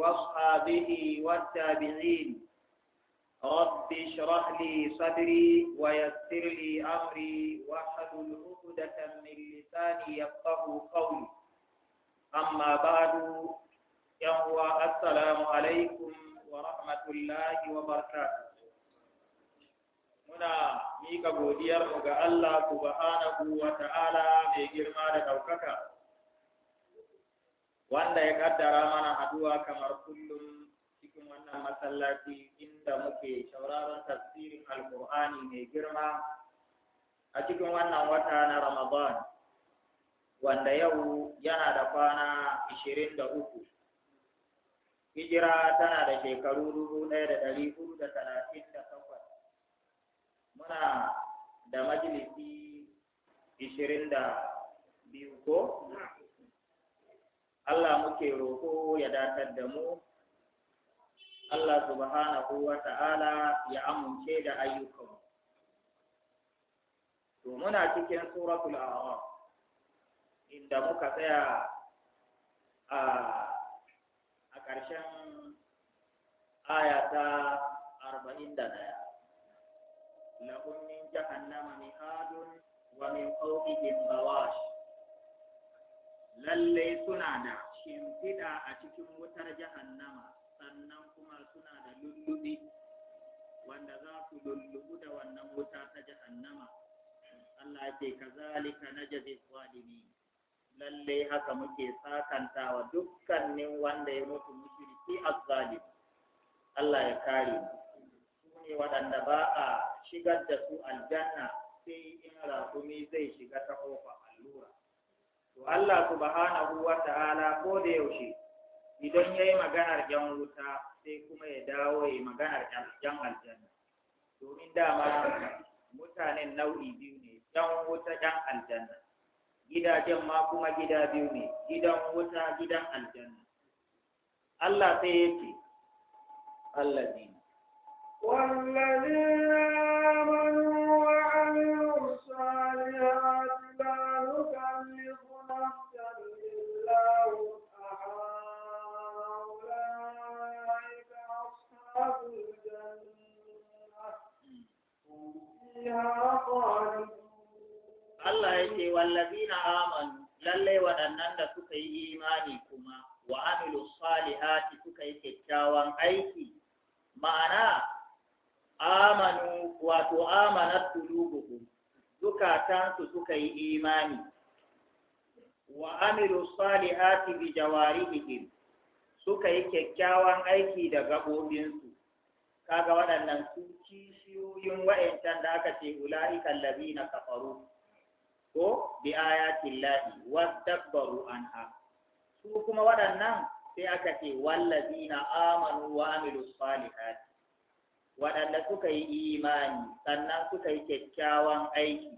وأصحابه والتابعين رب اشرح لي صدري ويسر لي أمري واحلل عقدة من لساني يفقه قولي أما بعد يهوى السلام عليكم ورحمة الله وبركاته muna mika godiyarmu ga Allah subhanahu wa ta'ala mai girma da ɗaukaka wanda ya kaddara mana haduwa kamar kullum cikin wannan masallaci inda muke shauraron tafsirin alkur'ani mai girma a cikin wannan wata na ramadan wanda yau yana da kwana ishirin da uku hijira tana da shekaru dubu ɗaya da ɗari huɗu da talatin da takwas muna da majalisi ishirin da biyu ko Allah muke roƙo ya datar da mu, Allah subhanahu wa ta'ala ya amince da ayyukanmu. To muna cikin suratul a'raf inda muka tsaya a ƙarshen aya ta arba'in da ɗaya. Lahun min jahannama mihadun wa min fawqihim bawash lallai suna da shimfiɗa a cikin wutar jahannama sannan kuma suna da lullubi wanda za su lullubu da wannan wuta ta jahannama Allah ke kazalika na jazi zalimi lallai haka muke sakantawa wa dukkanin wanda ya mutu mushriki azzalim Allah ya kare su ne waɗanda ba a shigar da su aljanna sai in raƙumi zai shiga ta ƙofar allura to Allah subhanahu wa ta'ala ko da yaushe idan yayi yi maganar ‘yan wuta sai kuma ya dawo yayi yi maganar ‘yan aljanna domin dama mutanen nau'i biyu ne ‘yan wuta ‘yan aljanna gidajen ma kuma gida biyu ne gidan wuta gidan aljanna Allah sai ya ce Allah ne. والذين Allah ya ce wallazina amanu lallai waɗannan da suka yi imani kuma wa amilu salihati suka yi kyakkyawan aiki ma'ana amanu wato amanat qulubuhum zukatansu suka yi imani wa amilu salihati bi jawarihihim suka yi kyakkyawan aiki da gaɓoɓinsu kaga waɗannan su kishiyoyin wa'ancan da aka ce ula'ikan na kafaru ko bi ayatin lahi an ha su kuma waɗannan sai aka ce na amanu wa amilu salihati waɗanda suka yi imani sannan suka yi kyakkyawan aiki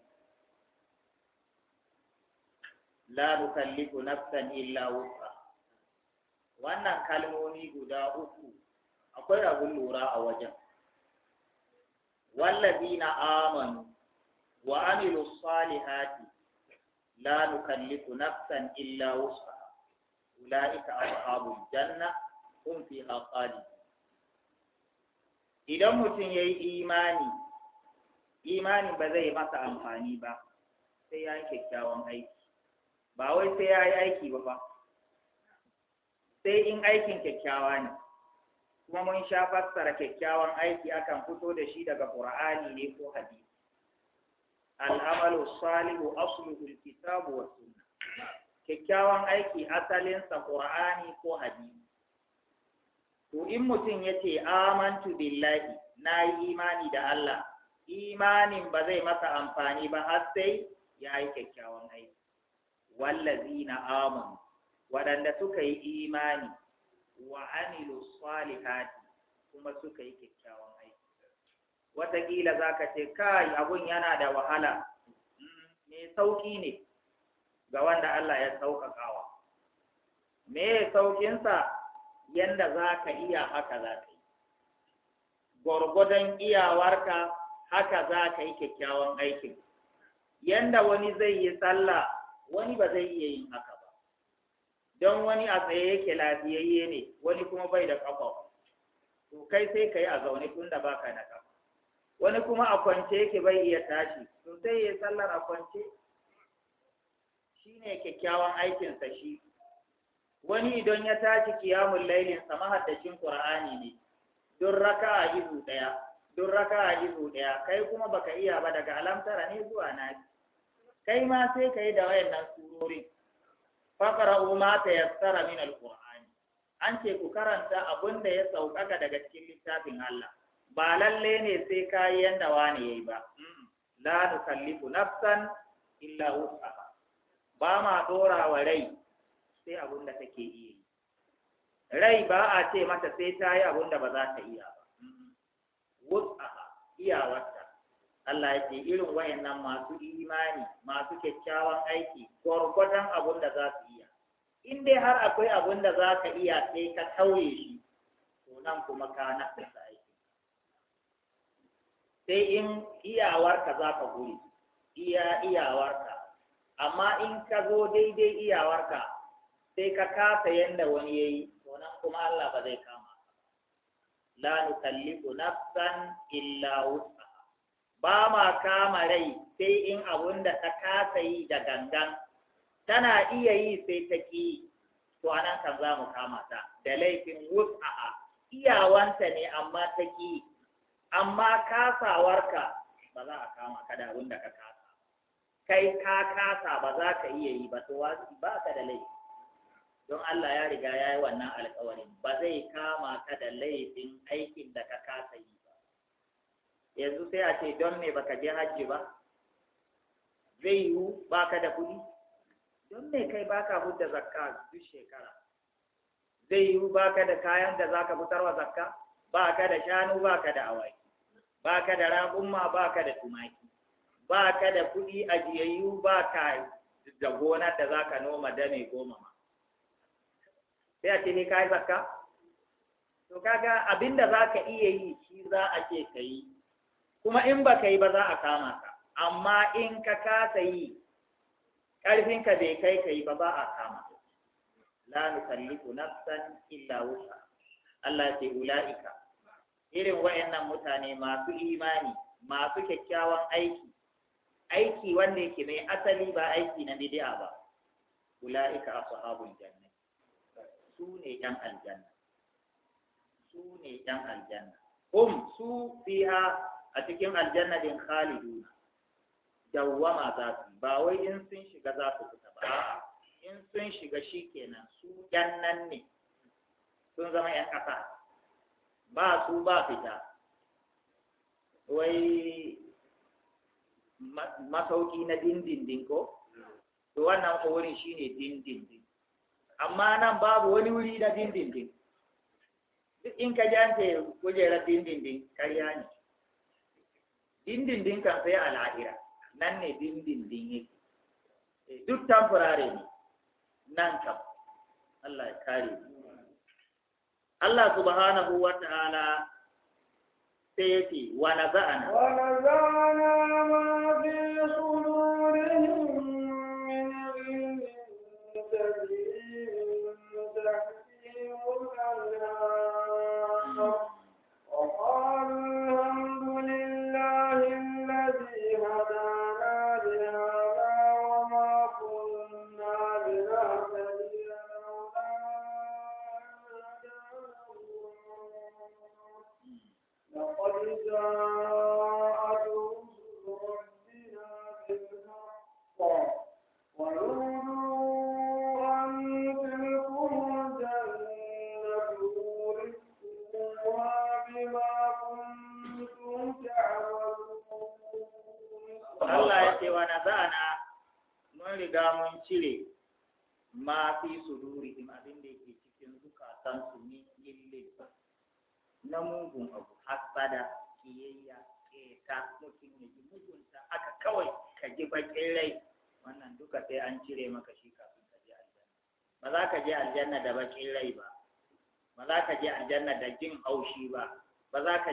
la nukallifu nafsan illa wusa wannan kalmomi guda uku akwai abun lura a wajen na amanu wa amilu salihati la nukallifu nafsan illa wus'aha ulaika ashabul janna hum fiha idan mutum yi imani imanin ba zai masa amfani ba sai ya yi kyakkyawan aiki ba wai sai ya yi aiki ba ba sai in aikin kyakkyawa ne kuma mun sha fassara kyakkyawan aiki akan fito da shi daga Qur'ani ne ko hadisi al'amalu salihu asluhu alkitabu wa sunna kyakkyawan aiki asalinsa Qur'ani ko hadisi to in mutum yace amantu billahi na yi imani da Allah imanin ba zai masa amfani ba har sai ya yi kyakkyawan aiki wallazina amanu waɗanda suka yi imani wa amilu salihati kuma suka yi kyakkyawan aiki wataƙila za ka ce kai abun yana da wahala me sauƙi ne ga wanda Allah ya sauƙaƙawa me sauƙinsa yanda za ka iya haka za ka yi gwargwadon iyawarka haka za ka yi kyakkyawan aikin yanda wani zai yi sallah wani ba zai iya yin haka don wani a tsaye yake lafiyayye ne wani kuma bai da ƙafa to kai sai kai a zaune tun da baka da ƙafa wani kuma a kwance yake bai iya tashi to sai ya sallar a kwance shine kyakkyawan aikin sa shi wani idan ya tashi kiyamun lailin sa mahaddacin qur'ani ne dun raka'a izu daya dun raka'a izu daya kai kuma baka iya ba daga alamtara ne zuwa nafi kai ma sai kai da wayannan surorin faqra'u ma tayassara min alqur'ani an ce ku karanta abin da ya sauƙaƙa daga cikin littafin Allah ba lalle ne sai kayi yanda wani yayi ba la nukallifu nafsan illa wus'aha ba ma dora wa rai sai abin da take iya yi rai ba a ce mata sai ta yi abin da ba za ta iya ba wus'aha iyawarta Allah ya ce irin wayannan masu imani masu kyakkyawan aiki gwargwadon abun da za su iya in dai har akwai abun da za ka iya sai ka tauye shi to nan kuma ka nakasa aiki sai in iyawarka za ka guri iya iyawarka amma in ka zo daidai iyawarka sai ka kasa yanda wani yayi to nan kuma Allah ba zai kama la nukallifu nafsan illa wuta. ba ma kama rai sai in abun da ta kasa yi da gangan tana iya yi sai ta ki to anan kan za mu kama ta da laifin wus'aha iyawanta ne amma ta ki amma kasawarka ba za a kama ka da abun da ka kasa kai ka kasa ba za ka iya yi ba to ba ka da laifi don Allah ya riga ya yi wannan alkawarin ba zai kama ka da laifin aikin da ka kasa yi yanzu sai a ce don me baka je hajji ba zai yiwu baka da kuɗi don me kai baka hudda zakka duk shekara zai yiwu baka da kayan da zaka fitar wa zakka baka da shanu baka da awaki baka da ba baka da tumaki baka da kuɗi a jiyayyu baka da gonar da zaka noma da mai goma ma sai a ce ne kai zakka to kaga abinda zaka iya yi shi za a ce ka yi kuma in ba ka yi ba za a kama ka amma in ka kasa yi ka bai kai ka yi ba ba a kama ka la nukallifu nafsan illa wusa Allah ya ce ula'ika irin wayannan mutane masu imani masu kyakkyawan aiki aiki wanda yake mai asali ba aiki na bid'a ba ula'ika ashabul janna su ne yan aljanna su ne yan aljanna Um su fiha a cikin aljanna din khaliduna dawwama za su ba wai in sun shiga za su fita ba in sun shiga shi kenan su yan nan ne sun zama yan ƙasa ba su ba fita wai masauki na dindindin ko to wannan wurin shine dindindin amma nan babu wani wuri na dindindin duk in ka jante kujerar dindindin karya ne dindindin kan sai a lahira nan ne dindindin yake eh, duk tamfurare ne nan kam Allah ya kare Allah subhanahu wa ta'ala sai yake wa naza'ana wa naza'ana ma fi sudur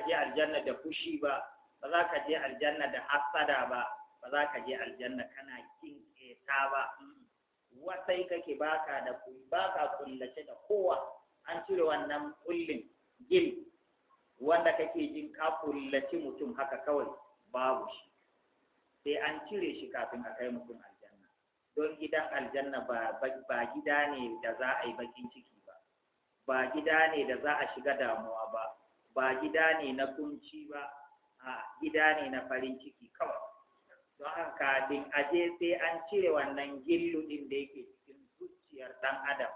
je aljanna da fushi ba ba za ka je aljanna da hasada ba ba za ka je aljanna kana kin keta ba wasai kake baka da baka kullace da kowa an cire wannan kullin gil wanda kake jin ka kullace mutum haka kawai babu shi sai an cire shi kafin a kai mutum aljanna don gidan aljanna ba ba gida ne da za a yi bakin ciki ba ba gida ne da za a shiga damuwa ba gida ne na kunci ba a gida ne na farin ciki kawai don haka din aje sai an cire wannan gillu din da yake cikin zuciyar dan adam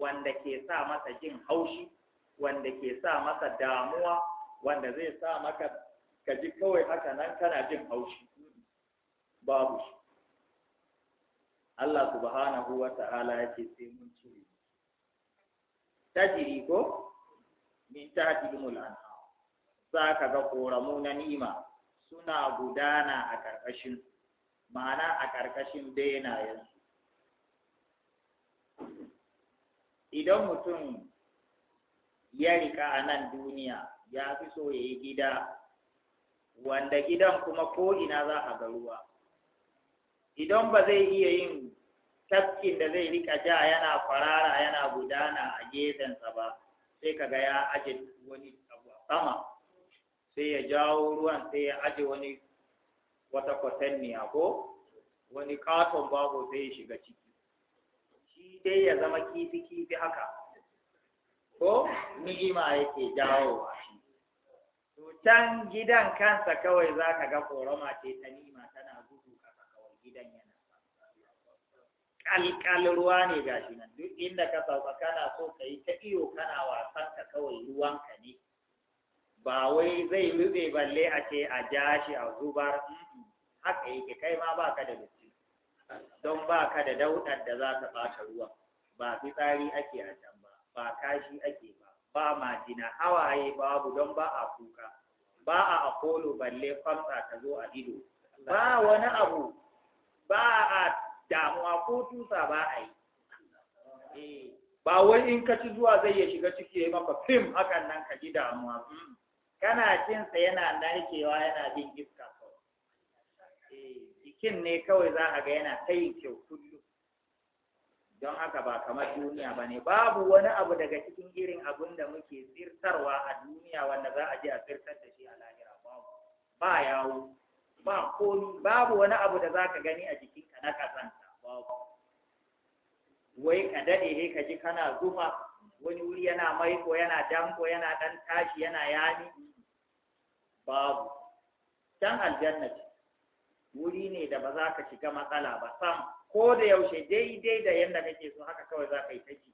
wanda ke sa masa jin haushi wanda ke sa masa damuwa wanda zai sa maka ka ji kawai haka nan kana jin haushi babu shi Allah subhanahu wa ta'ala ya ce sai mun cire tajiri ko min mu anhar za ka ga koramu na ni'ima suna gudana a ƙarƙashin ma'ana a ƙarƙashin benayensu idan mutum ya rika a nan duniya ya fi so ya yi gida wanda gidan kuma ko'ina za a ga ruwa idan ba zai iya yin tafkin da zai rika ja yana kwarara yana gudana a gefensa ba sai kaga ya aje wani abu a sama sai ya jawo ruwan sai ya aje wani wata ne, ko wani katon babu sai ya shiga ciki shi dai ya zama kifi kifi haka ko ni'ima yake jawowa shi to can gidan kansa kawai za ka ga korama ce ta ni'ima tana kalkal ruwa ne shi nan duk inda ka sauka kana so ka yi ta iyo kana wasan ka kawai ruwanka ne ba wai zai nutse balle a ce a ja shi a zubar haka yake kai ma baka da dutse don baka da daudar da za ka bata ruwa ba fitsari ake a can ba ba kashi ake ba ba majina hawaye babu don ba a kuka ba a akolo balle kwamsa ta zo a ido ba wani abu ba a damuwa ko tusa ba a yi eh, ba wai in ka ci zuwa zai ya shiga ciki ya yi maka fim hakan nan ka ji damuwa mm. kana cinsa yana narkewa yana bin iska eh, jikin ne kawai za a ga yana ta yi kyau kullum don haka ba kamar duniya ba ne babu wani abu daga cikin irin abun da muke zirtarwa a duniya wanda za a je a zirtar da shi a lahira babu ba yawo ba komi babu wani abu da za ka gani a jiki na kazanta babu wai ka daɗe he ka ji kana zufa wani wuri yana ko yana danko yana ɗan tashi yana yani babu can aljanna ce wuri ne da ba za ka shiga matsala ba sam ko da yaushe daidai da yadda kake so haka kawai za ka yi taki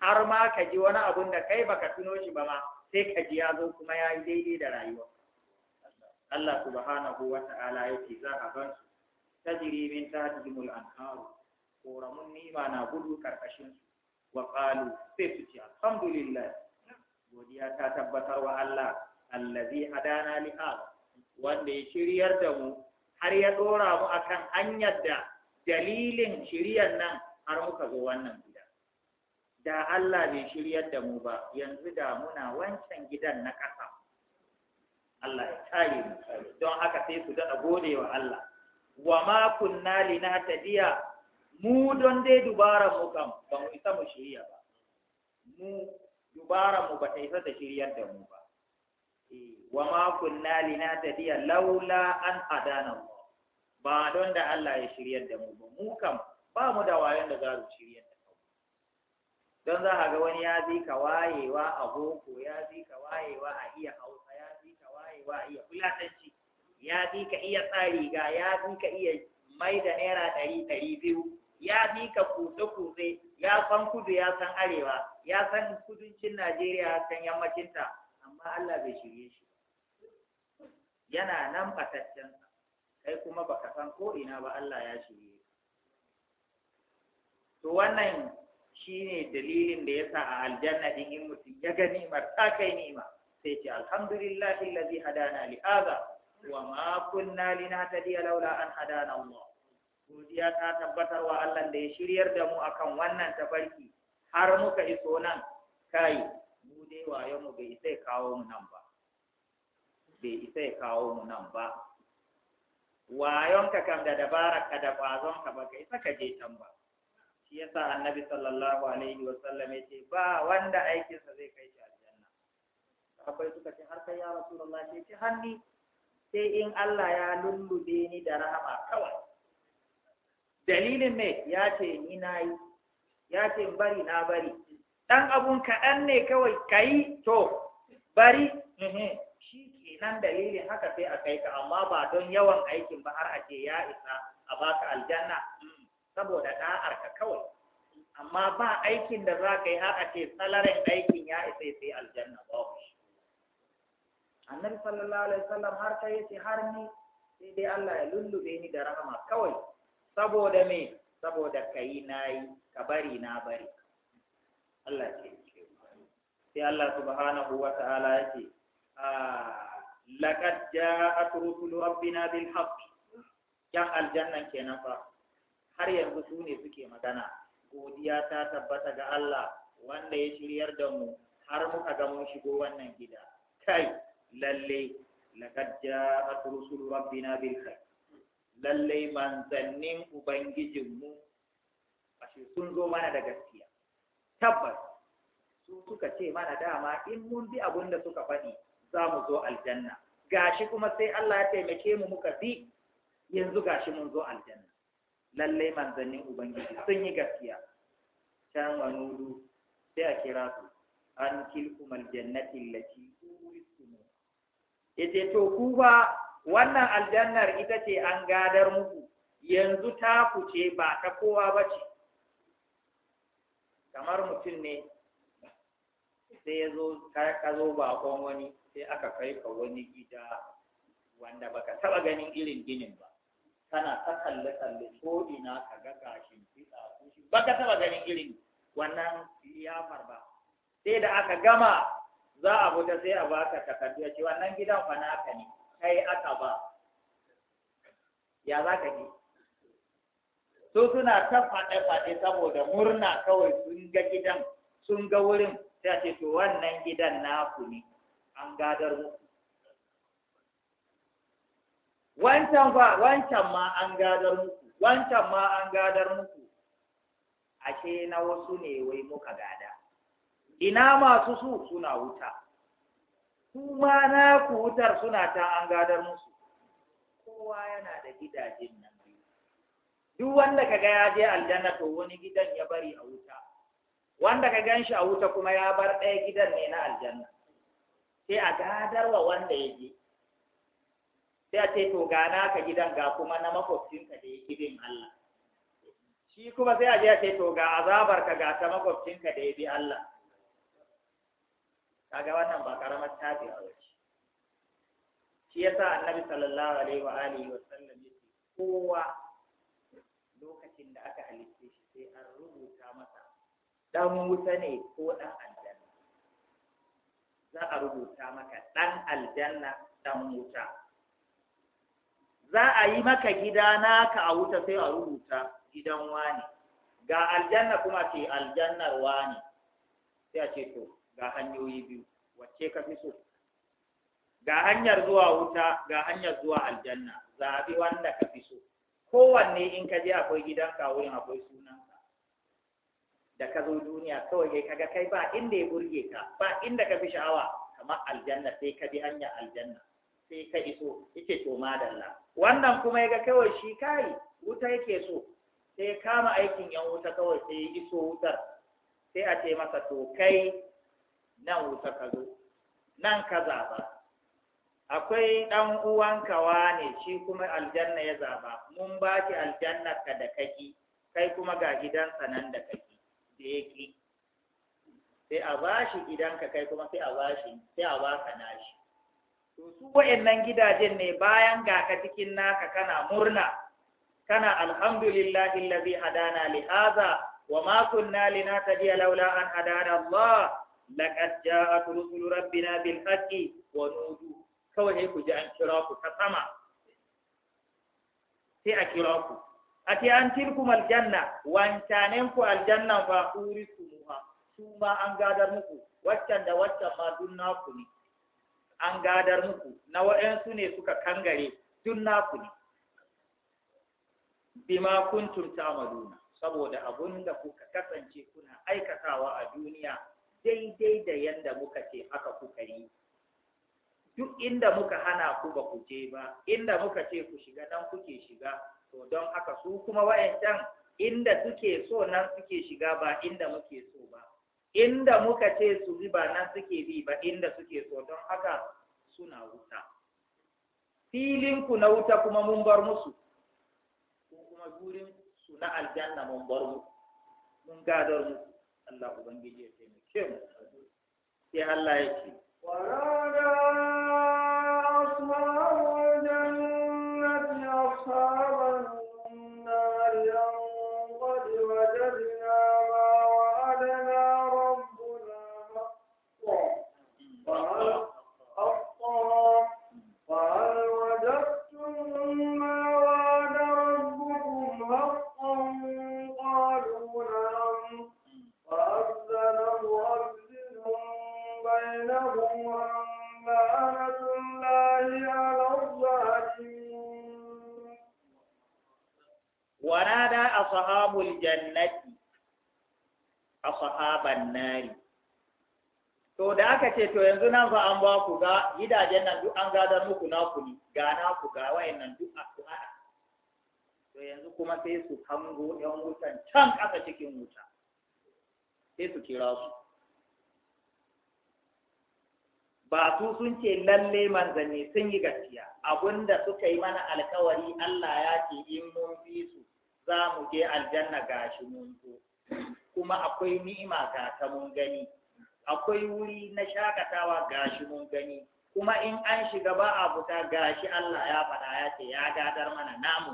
har ma ka ji wani abun da kai baka tuno shi ba ma sai ka ji ya zo kuma ya yi daidai da rayuwa Allah subhanahu wa ta'ala yake za a tajri min tahtihim al-anhar koramun nima na gudu karkashin su wa qalu sai su alhamdulillah godiya ta tabbatar wa Allah allazi hadana li wanda ya shiryar da mu har ya dora mu akan hanyar da dalilin shiryar nan har muka zo wannan gida da Allah bai shiryar da mu ba yanzu da muna wancan gidan na ƙasa Allah ya kare mu don haka sai su daɗa gode wa Allah wa ma kunna linahtadiya mu don dai dubara mu kam ba mu isa mu shirya ba mu dubara mu ba ta isa ta shiryar da mu ba eh, wa ma kunna linahtadiya laula an adana mu, ba don da Allah ya shiryar da mu ba mu kam ba mu da wayon da za mu shiryar da mu don za ka ga wani ya zai ka wayewa a boko ya zai ka wayewa a iya hausa ya zai ka wayewa a iya fulatanci ya fi ka iya tsari ga ya fi ka iya mai da naira ɗari ɗari biyu ya fi ka kutse-kutse ya san kudu ya san arewa ya san kudancin najeriya ya san yammacinta amma allah bai shirye shi yana nan fataccen kai kuma baka san ko ina ba allah ya shirye to wannan shine dalilin da ya sa a aljanna din in mutum ya ga nimar ta kai nima sai ce alhamdulillahi lazi hadana li'aza wa ma kunna linahtadiya laula an hadana Allah godiya ta tabbatar wa Allah da ya shiryar da mu akan wannan tafarki har muka iso nan kai mu dai wayo mu bai isa kawo mu nan ba bai isa kawo mu nan ba wayonka kam da ka da kwazonka ba ka isa ka je can ba shi yasa annabi sallallahu alaihi wa sallam yace ba wanda aikinsa zai kai shi aljanna akwai suka ce har kai ya rasulullahi yace hanni sai in Allah ya lullube ni da rahama kawai dalilin ne ya ce ni nayi. yi ya ce bari na bari ɗan abun kaɗan ne kawai ka yi to bari shi kenan dalilin haka sai a kai ka amma ba don yawan aikin ba har a ce ya isa a baka aljanna mm, saboda da'ar ka kawai amma ba aikin da za ka yi har a ce salarin aikin ya isa sai aljanna ba annabi sallallahu alaihi wasallam har kai yace har ni sai dai Allah ya lullube ni da rahama kawai saboda me saboda kai nayi ka bari na bari Allah ce sai Allah subhanahu wa ta'ala yace ah, laqad ja'at rusulu rabbina bil haqq yan aljannan kenan fa har yanzu su ne suke magana godiya ta tabbata ga Allah wanda ya shiryar da mu har muka ga mun shigo wannan gida kai lalle laqad ja'at rusulu rabbina bil khair lalle manzannin ubangijinmu ashe sun zo mana da gaskiya tabbas su suka ce mana dama in mun bi abin da suka faɗi za mu zo aljanna gashi kuma sai Allah ya taimake mu muka bi yanzu gashi mun zo aljanna lalle manzannin ubangiji sun yi gaskiya can manulu sai a kira su an tilkum aljannati lati yace to ku ba wannan aljannar ita ce an gadar muku yanzu ta kuce ba ta kowa ba ce kamar mutum ne sai ya zo ka zo bakon wani sai aka kai ka wani gida wanda baka taba ganin irin ginin ba kana ta kalle kalle ko ina ka ga gashin fitsa baka taba ganin irin wannan liyafar ba sai da aka gama za a buta sai a baka takardu ya ce wannan gidan fa naka ne kai aka ba ya za ka ji su suna ta faɗe-faɗe saboda murna kawai sun ga gidan sun ga wurin sai a ce to wannan gidan naku ne an gadar muku wancan fa wancan ma an gadar muku wancan ma an gadar muku ashe na wasu ne wai muka gada ina masu su suna wuta kuma na ku wutar suna ta an gadar musu kowa yana da gidajen nan biyu duk wanda kaga ya je aljanna to wani gidan ya bari a wuta wanda ka gan shi a wuta kuma ya bar ɗaya gidan ne na aljanna sai a wa wanda ya je sai a ce to ga ka gidan ga kuma na makwabcinka da ya gidin Allah shi kuma sai a je a ce to ga azabarka ga ta makwabcinka da ya bi Allah kaga wannan ba karamar tabi'a ba ce shi yasa annabi sallallahu alaihi wa alihi wa sallam yake kowa lokacin da aka halitta shi sai an rubuta masa dan wuta ne ko dan aljanna za a rubuta maka dan aljanna dan wuta za a yi maka gida naka a wuta sai a rubuta gidan wani ga aljanna kuma ce aljannar wani sai a ce to ga hanyoyi biyu wacce ka fi so ga hanyar zuwa wuta ga hanyar zuwa aljanna zaɓi wanda ka fi so kowanne in ka je akwai ka wurin akwai sunanka da ka zo duniya kawai kai kaga kai ba inda ya burge ka ba inda ka fi sha'awa kamar aljanna sai ka bi hanyar aljanna sai ka iso yake to madalla wannan kuma ya ga kawai shi kai wuta yake so sai kama aikin yan wuta kawai sai ya iso wutar sai a ce masa to kai nan wuta ka zo nan ka zaba akwai ɗan uwanka wane shi kuma aljanna ya zaba mun ba ki aljannar ka da kaki kai kuma ga gidansa nan da kaki da yake sai a ba shi gidanka kai kuma sai a ba shi sai a ba ka nashi to su wa'annan gidajen ne bayan ga ka cikin naka kana murna kana alhamdulillahi allazi hadana li hadha wa ma kunna linahtadiya laula an hadana Allah laqad ja'at rusulu rabbina bil haqqi wa nudu kawai sai ku ji an kira ku ta sama sai a kira ku ati an tilkum aljanna wancanen ku aljanna fa uri su ma an gadar muku waccan da waccan ma dunna ku ne an gadar muku na waɗansu ne suka kangare dunna ku ne bima kuntum ta'maluna saboda abun da kuka kasance kuna aikatawa a duniya daidai da yanda muka ce haka kuka yi duk inda muka hana ku ba ku je ba inda muka ce ku shiga nan kuke shiga to don haka su kuma wayancan inda suke so nan suke shiga ba inda muke so ba inda muka ce su bi ba nan suke bi ba inda suke so don haka suna wuta filinku na wuta kuma mun bar musu ko kuma gurin su na aljanna mun bar mun gadar musu Allah ubangiji ya taimake mu sai Allah ya ce ورأى أصحاب الجنة أصحاب ashabul jannati ashaban nari to da aka ce to yanzu nan fa an ba ku ga gidajen nan duk an gada muku na ku ne ga na ku ga wayannan duk a ku to yanzu kuma sai su hango yan wutan can ƙasa cikin wuta sai su kira su ba su sun ce lalle manzanni sun yi gaskiya abinda suka yi mana alkawari Allah ya ce in mun bi su za mu je aljanna gashi mun zo kuma akwai ni'ima ga ta mun gani akwai wuri na shakatawa gashi mun gani kuma in an shiga ba a fita gashi Allah ya faɗa ya ce ya gadar mana namu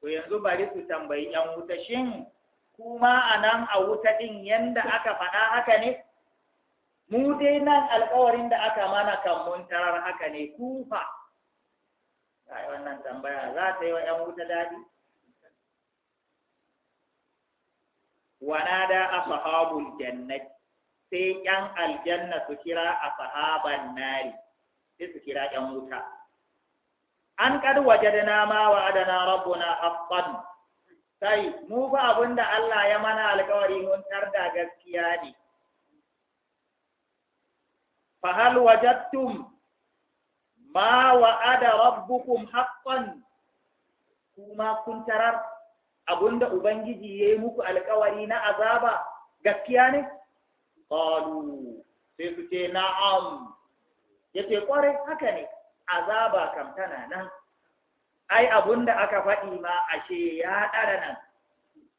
to yanzu bari ku tambayi yan wuta shin kuma a nan a wuta din yanda aka faɗa haka ne mu dai nan alƙawarin da aka mana kan mun tarar haka ne kufa ai wannan tambaya za ta yi wa yan wuta dadi wanada ashabul jannati sai yan aljanna su kira ashaban nari sai su kira yan wuta an da na ma wa'adana na haqqan sai mu fa abinda Allah ya mana alƙawari mun tarda gaskiya ne fa hal tun ma wa'ada rabbukum haqqan kuma kun tarar abunda ubangiji yayi muku alƙawari na azaba gaskiya ne qalu sai su ce na'am yace kware haka ne azaba kam tana nan ai abunda aka faɗi ma ashe ya ɗara nan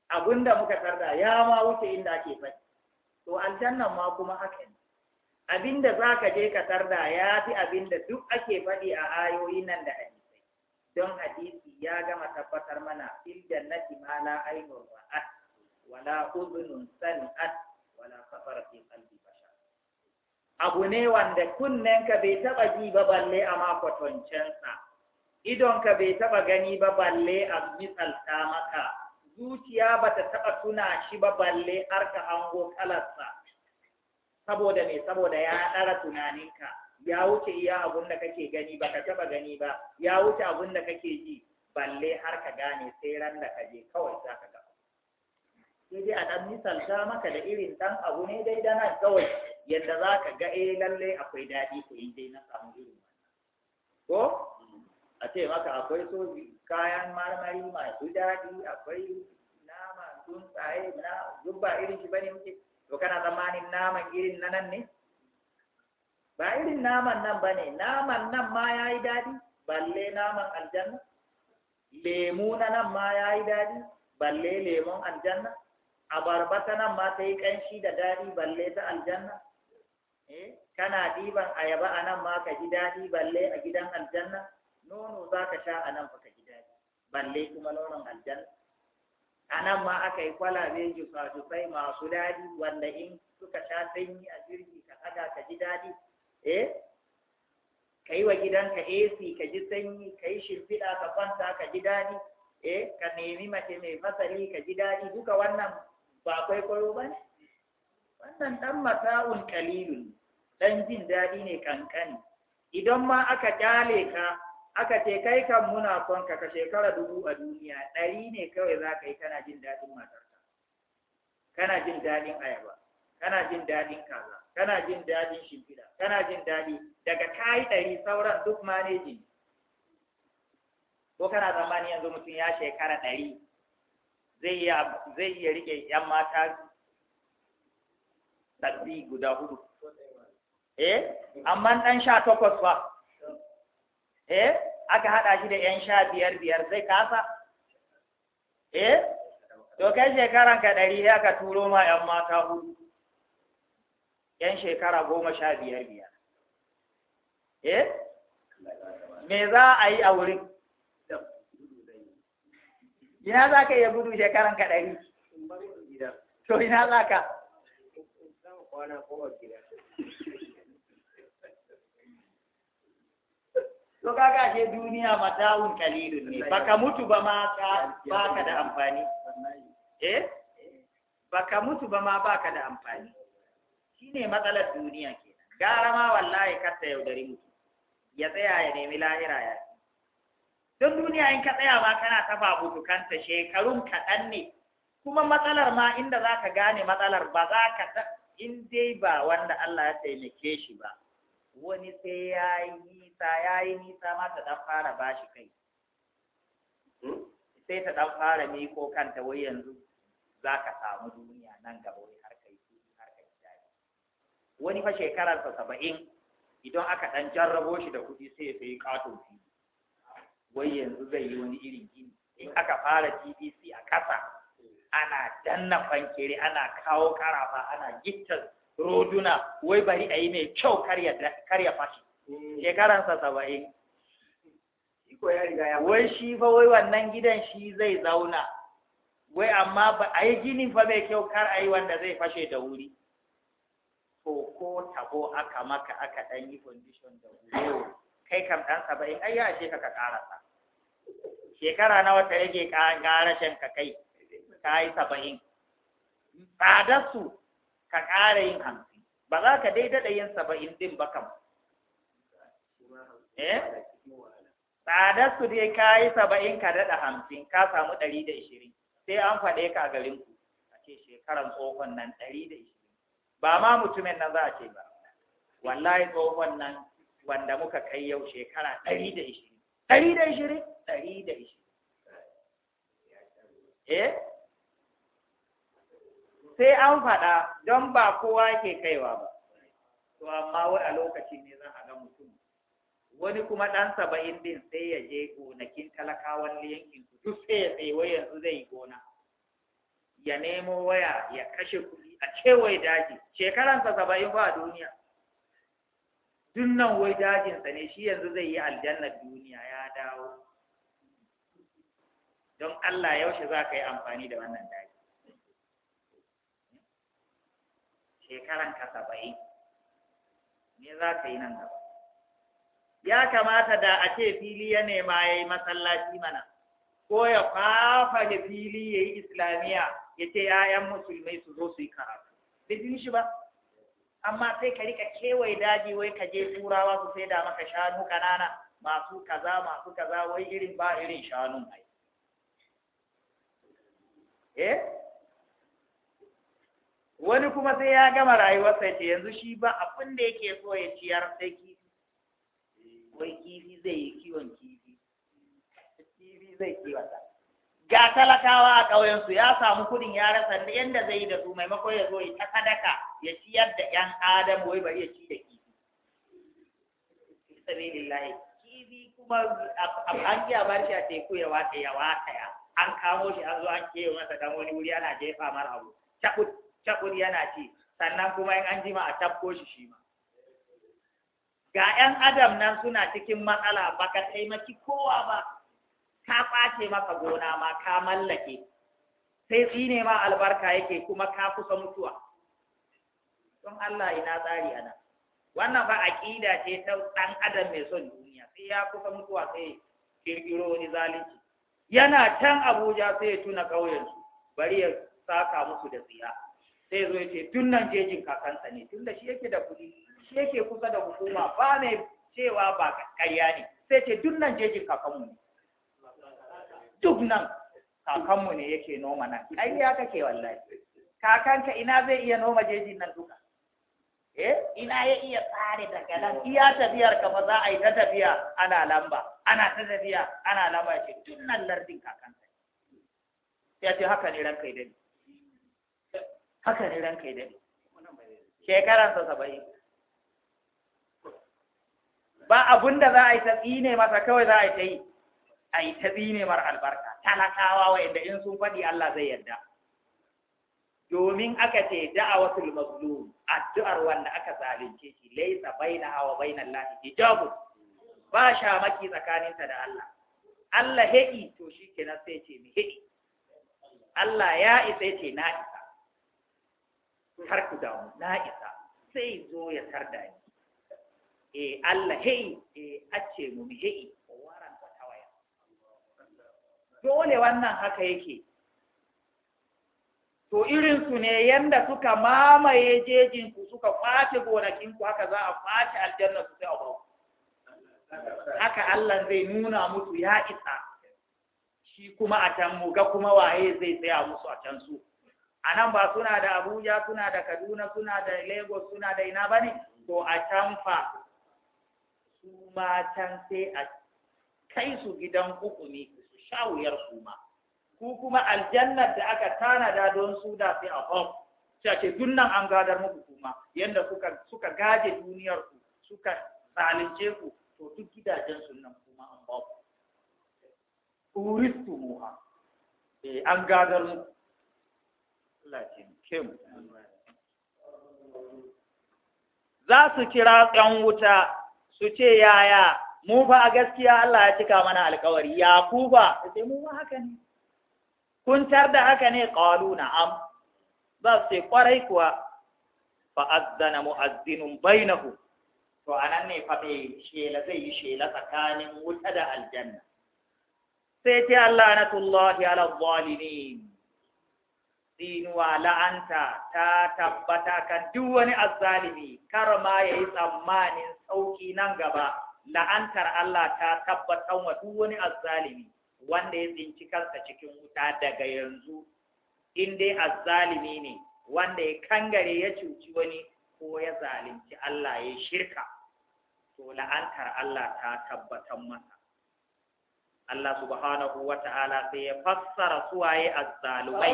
abunda muka tarda ya ma wuce inda ake faɗi to aljannan ma kuma haka ne abinda zaka je ka tarda ya fi abinda duk ake faɗi a ayoyin nan da hadisi don hadisi ya gama tabbatar mana fil jannati ma la aynun ra'at wa la udhunun sami'at wa la safara fi qalbi bashar abu ne wanda kunnen ka bai taba ji ba balle a makwatoncensa, sa idon ka bai taba gani ba balle a misalta maka zuciya bata taba tuna shi ba balle har ka hango kalarsa saboda me saboda ya ɗara tunaninka ya wuce iya abun da kake gani ba ka taba gani ba ya wuce abun da kake ji balle har ka gane sai ran da ka je kawai za ka gaba sai dai a ɗan misalta maka da irin ɗan abu ne dai da nan kawai yadda za ka ga eh lallai akwai daɗi ko in dai na samu irin wannan ko a ce maka akwai so kayan marmari masu daɗi akwai nama tsuntsaye na duk ba irin shi bane muke to kana tsammanin naman irin na nan ne ba irin naman nan ba ne naman nan ma ya yi daɗi balle naman aljanna lemu na nan ma ya yi daɗi balle lemun aljanna abarba ta nan ma ta yi ƙanshi da daɗi balle ta aljanna eh kana ɗiban ayaba a nan ma ka ji daɗi balle a gidan aljanna nono za ka sha a nan fa ka ji daɗi balle kuma nonon aljanna a nan ma aka yi kwalabe jufa-jufai masu daɗi wanda in suka sha sanyi a jirgi ka ɗaga ka ji daɗi eh ka yi wa gidanka AC ka ji sanyi ka yi shimfiɗa ka kwanta ka ji daɗi eh ka nemi mace mai masali ka ji daɗi duka wannan ba kwaikwayo ba ne wannan ɗan mata'un kalilun ɗan jin daɗi ne kankani idan ma aka ƙyale ka aka ce kai kan muna kwanka ka ka shekara dubu a duniya ɗari ne kawai za ka yi kana jin daɗin matarka kana jin daɗin ayaba kana jin daɗin kaza kana jin daɗin shimfiɗa tana jin daɗi daga ta yi ɗari sauran duk maneji ko kana tsammani yanzu mutum ya shekara ɗari zai iya zai iya riƙe ‘yan mata sabbi guda hudu eh amma ɗan sha takwas ba eh aka haɗa shi da ‘yan sha biyar biyar zai kasa eh to kai shekaranka ɗari sai aka turo ma ‘yan mata hudu ‘yan shekara goma sha biyar biyar. Eh? Me za a yi a wurin? Ina za ka iya gudu shekaran ka ɗari? To ina za ka? To kaka ce duniya tawun kalilun ne, baka mutu ba ma ba ka da amfani. Eh? Baka mutu ba ma ba ka da amfani. ne matsalar duniya ke gara ma wallahi kar ta yaudari mutum ya tsaya ya nemi lahira ya don duniya in ka tsaya ma kana ta fafutukanta shekarun kaɗan ne kuma matsalar ma inda za ka gane matsalar ba za ka ta in dai ba wanda Allah ya taimake shi ba wani sai ya yi nisa ya yi nisa ma ta ɗan fara ba shi kai hmm? sai ta ɗan fara miko kanta wai yanzu za ka samu duniya nan gaba wai wani fa shekarar sa saba'in idan aka ɗan jarrabo shi da kuɗi sai ya sayi ƙato fili wai yanzu zai yi wani irin gini in aka fara tbc a ƙasa ana danna fankere ana kawo ƙarafa ana gittar roduna wai bari a yi mai kyau karya fashi sa saba'in wai shi fa wai wannan gidan shi zai zauna wai amma ba a yi ginin fa mai kyau kar a yi wanda zai fashe da wuri ko ko tabo aka maka aka ɗan yi condition da gulewa kai kam ɗan saba'in ai ya ce ka ka ƙarasa shekara nawa ta rage ƙarashen ka kai ka yi saba'in tsadarsu ka ƙara yin hamsin ba za ka dai dada yin saba'in din ba kam eh? tsadarsu dai ka yi saba'in ka daɗa hamsin ka samu ɗari da ishirin sai an faɗe ka a garinku a ce shekaran tsohon nan ɗari da ishirin ba ma mutumin nan za a ce ba wallahi tsohon nan wanda muka kai yau shekara ɗari da ishirin ɗari da ishirin ɗari da ishirin eh sai an faɗa don ba kowa ke kaiwa ba to amma wai a lokacin ne za a ga mutum wani kuma ɗan saba'in din sai ya je gonakin talakawan yankin su duk sai ya tsaye wai yanzu zai gona ya nemo waya ya kashe kuɗi daji a kewaye daji shekaransa saba'in ba a duniya dunnan wai dajinsa ne shi yanzu zai yi aljannar duniya ya dawo don Allah yaushe za ka yi amfani da wannan daji shekaranka saba'in me za ka yi nan gaba ya kamata da a ce fili ya nema ya yi masallaci mana ko ya fafa fili ya yi islamiyya ya ce ‘ya'yan musulmai su zo su yi karatu bai ji shi ba amma sai ka rika kewaye daji wai ka je turawa su sai da maka shanu ƙanana masu kaza masu kaza wai irin ba irin shanun mai. eh wani kuma sai ya gama rayuwarsa ce yanzu shi ba abin da yake so ya ciyar sai kifi wai kifi zai yi kiwon kifi kifi zai kiwata ga talakawa a ƙauyensu ya samu kuɗin ya rasa yadda zai yi da su maimakon ya zo ya sadaka ya ciyar da ‘yan adam wai bari ya ci da kifi. Sabilillahi, kifi kuma an giya bar shi a teku ya wata ya wata ya an kamo shi an zo an ke masa dan wani wuri ana jefa mara abu cakud cakud yana ci sannan kuma in an jima a tabko shi shi ma. Ga ‘yan adam nan suna cikin matsala baka taimaki kowa ba ka kwace maka gona ma ka mallake sai tsine ma albarka yake kuma ka kusa mutuwa don Allah ina tsari ana wannan ba aqida ce ta ɗan adam mai son duniya sai ya kusa mutuwa sai kirkiro wani zalunci yana can Abuja sai ya tuna su. bari ya saka musu da tsira sai zo ya ce tun nan jejin kakansa ne tun da shi yake da kuɗi shi yake kusa da hukuma ba mai cewa ba ƙarya ne sai ce tun nan jejin kakanmu ne duk nan kakanmu ne yake noma nan ya kake wallahi kakanka ina zai iya noma jejin nan duka eh ina ya iya tsare daga nan iya tafiyar ka ba za a yi ta tafiya ana lamba ana ta tafiya ana lamba ya ce tun nan lardin kakanka ya ce haka ne ranka idan haka ne ranka idan sa saba'in ba abun da za a yi ta tsine masa kawai za a yi ta yi a ta zine mar albarka talakawa inda in sun faɗi Allah zai yarda domin aka ce da'awatul mazlum addu'ar wanda aka zalunce shi laisa bainaha wa bainal lahi hijabu ba sha maki tsakaninta da Allah Allah he'i to shikenan sai ce mi he'i. Allah ya isa ce na isa har ku damu na isa sai zo ya tarda ni eh Allah hei eh acce mu mi hei dole wannan haka yake to irin su ne yanda suka mamaye jejin ku suka kwace gonakinku ku haka za a kwace aljanna su sai a haka Allah zai nuna musu ya isa shi kuma a can mu ga kuma waye zai tsaya musu a can su a nan ba suna da Abuja suna da Kaduna suna da Lagos suna da ina bane to a can fa su ma can sai a kai su gidan hukumi sha wuyar su ma ku kuma aljannar da aka tanada don su da sai a hom sai ce dunnan an gadar muku kuma yanda suka suka gaje duniyar ku suka zalunce ku to duk gidajen su nan kuma an ba ku uristumuha eh an gadar mu. Allah ya za su kira ɗan wuta su ce yaya mu fa a gaskiya Allah ya cika mana alkawari ya ku sai mu ma haka ne kun tar da haka ne qalu na'am ba sai kwarai kuwa fa azzana mu'azzinun bainahu to anan ne fa bai shela zai yi shela tsakanin wuta da aljanna sai ta Allah na tullahi ala zalimin dinuwa la'anta ta tabbata kan duk wani azzalimi kar ma yayi tsammanin sauki nan gaba la'antar Allah ta tabbatar wa duk wani azzalimi wanda ya tsinci kansa cikin wuta daga yanzu in dai azzalimi ne wanda ya kangare ya cuci wani ko ya zalunci Allah ya shirka to la'antar Allah ta tabbatar masa Allah subhanahu wa ta'ala sai ya fassara suwaye azzalumai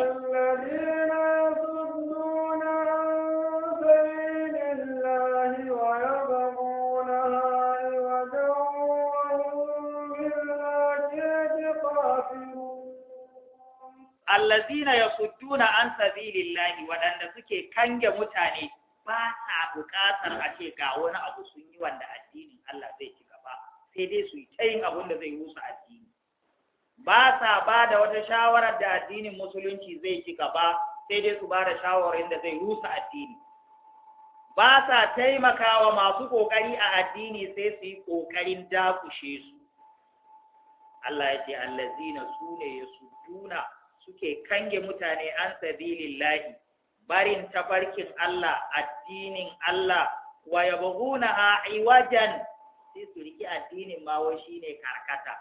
allazina yasudduna an sabilillahi waɗanda suke kange mutane ba sa buƙatar a ce ga wani abu sun yi wanda addinin Allah zai ci gaba sai dai su yi ta yin abin da zai rusa addini ba sa ba da wata shawarar da addinin musulunci zai ci gaba sai dai su ba da shawarar da zai rusa addini ba sa taimakawa masu ƙoƙari a addini sai su yi ƙoƙarin dakushe su Allah ya ce allazina sune yasudduna ya suke kange mutane an sabilillahi barin tafarkin Allah addinin Allah wa yabghunaha iwajan sai su riki addinin ma wai shine karkata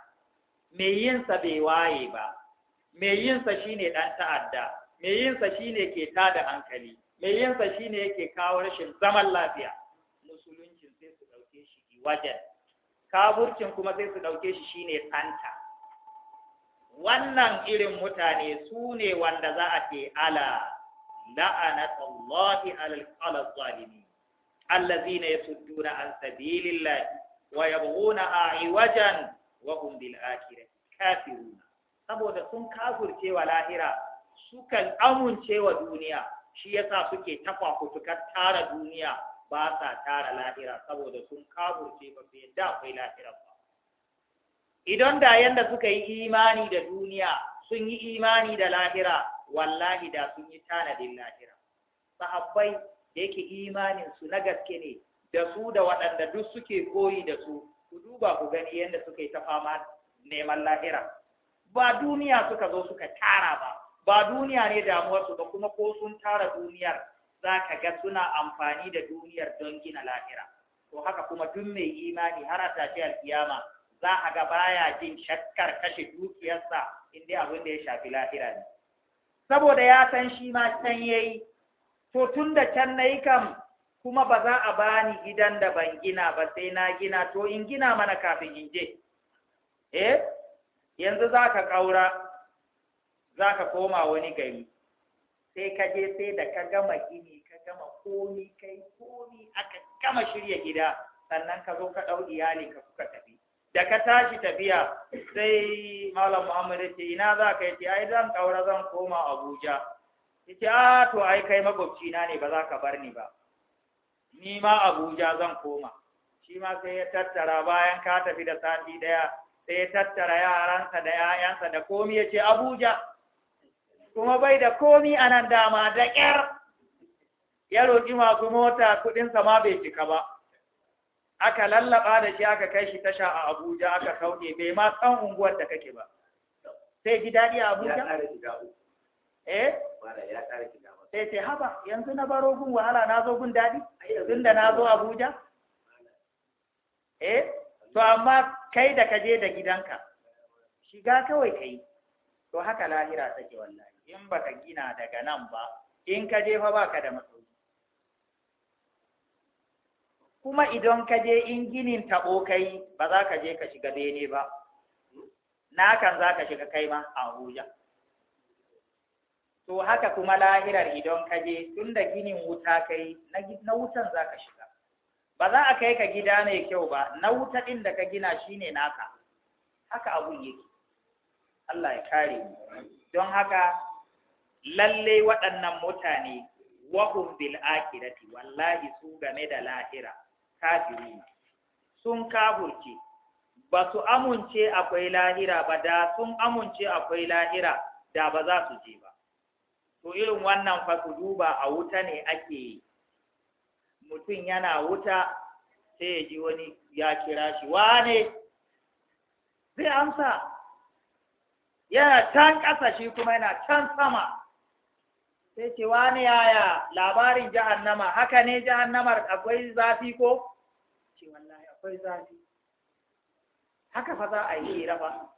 me yin sa bai waye ba me yin sa shine dan ta'adda me yin sa shine ke tada hankali me yin sa shine yake kawo rashin zaman lafiya musuluncin sai su dauke shi iwajan kaburcin kuma sai su dauke shi shine tsanta wannan irin mutane su ne wanda za a ce ala la'anatullahi ala zalimi allazina yasudduna an sabilillahi wa yabghuna aiwajan wa hum bil kafiruna saboda sun kafirce wa lahira sukan amince wa duniya shi yasa suke tafa kutukar tara duniya ba sa tara lahira saboda sun kafurce ba da akwai lahira ba idan da yanda suka yi imani da duniya sun yi imani da lahira wallahi da sun yi tanadin lahira sahabbai da yake imanin su na gaske ne da su da waɗanda duk suke koyi da su ku duba ku gani yanda suka yi ta fama neman lahira ba duniya suka zo suka tara ba ba duniya ne damuwar su ba kuma ko sun tara duniyar za ka ga suna amfani da duniyar don gina lahira to haka kuma duk mai imani har a tashi alkiyama za a ga baya jin shakkar kashe dukiyarsa inda abin da ya shafi lahira ne saboda ya san shi ma can yayi to tun da can nayi kam kuma ba za a bani gidan da ban gina ba sai na gina to in gina mana kafin in je eh yanzu za ka ƙaura za ka koma wani gari sai ka je sai da ka gama gini ka gama komi kai komi aka gama shirya gida sannan ka zo ka ɗau iyali ka kuka tafi da ka tashi tafiya sai malam muhammad ce ina za ka yi ai zan kaura zan koma abuja ya a ah, to ai kai magwabci na ne ba za ka bar ni ba ni ma abuja zan koma shi ma sai ya tattara bayan ka tafi da sati daya sai ya tattara yaransa da yayansa da komi ya ce abuja kuma bai da komi a nan dama da kyar ya roƙi masu mota kuɗinsa ma bai cika ba aka lallaba da shi aka kai shi tasha a Abuja aka kauɗe bai ma san unguwar da kake ba sai ji daɗi a Abuja eh sai sai haba yanzu na baro gun wahala na zo gun daɗi tun da na zo Abuja eh to amma kai da kaje da gidanka shiga kawai kai to haka lahira take wallahi in baka gina daga nan ba in ka je fa baka da kuma idan ka je in ginin taɓo kai ba za ka je ka shiga bene ba na kan za ka shiga kai ma a Abuja to haka kuma lahirar idan ka je tun da ginin wuta kai na wutan za ka shiga ba za a kai ka gida mai kyau ba na wuta ɗin da ka gina shi shine naka haka abun yake Allah ya kare mu don haka lalle waɗannan mutane wahum bil akhirati wallahi su game da lahira kafirina sun kafurce ba su amince akwai lahira ba da sun amince akwai lahira da ba za su je ba to irin wannan fa duba a wuta ne ake yi mutum yana wuta sai ya ji wani ya kira shi wane zai amsa yana can ƙasa shi kuma yana can sama sai ce wani yaya labarin jahannama haka ne jahannamar akwai zafi ko ce wallahi akwai zafi haka fa za a yi rafa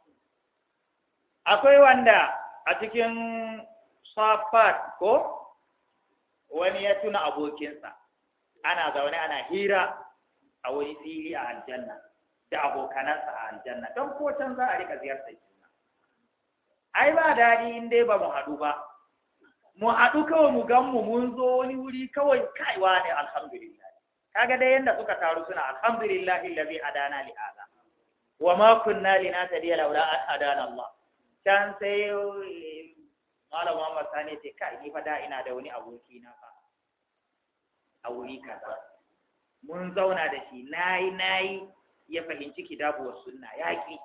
akwai wanda a cikin safar ko wani ya tuna abokinsa ana zaune ana hira a wani fili a aljanna da abokanansa a aljanna don ko can za a rika ziyartar juna ai ba daɗi in dai ba mu haɗu ba mu haɗu kawai mu gan mu mun zo wani wuri kawai kaiwa ne alhamdulillah kaga dai yanda suka taru suna alhamdulillah allazi adana li hada wa ma kunna linahtadiya laula an hadana Allah can sai malam Muhammad Sani ce kai ni fa da ina da wani aboki na fa a wuri kaza mun zauna da shi nayi nayi ya fahimci kitabu wa sunna yaki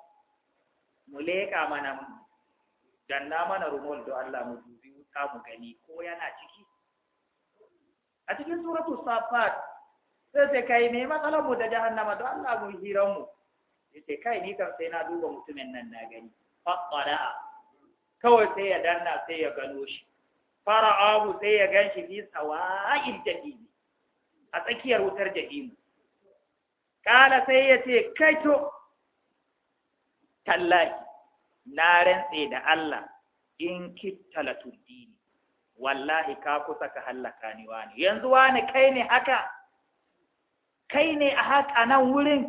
mu leka mana janna mana rumol do Allah mu dubi wuta mu gani ko yana ciki a cikin suratu safat sai sai kai ne matsalar mu da jahannama Do Allah mu hiran mu sai kai ni kan sai na duba mutumin nan na gani faqara kawai sai ya danna sai ya gano shi fara'ahu sai ya ganshi fi sawa'il jahim a tsakiyar wutar jahim kala sai ya ce kai to tallahi na rantse da Allah in kittala tuddini wallahi ka kusa ka hallaka ni wani yanzu wani kai ne haka kai ne a haka nan wurin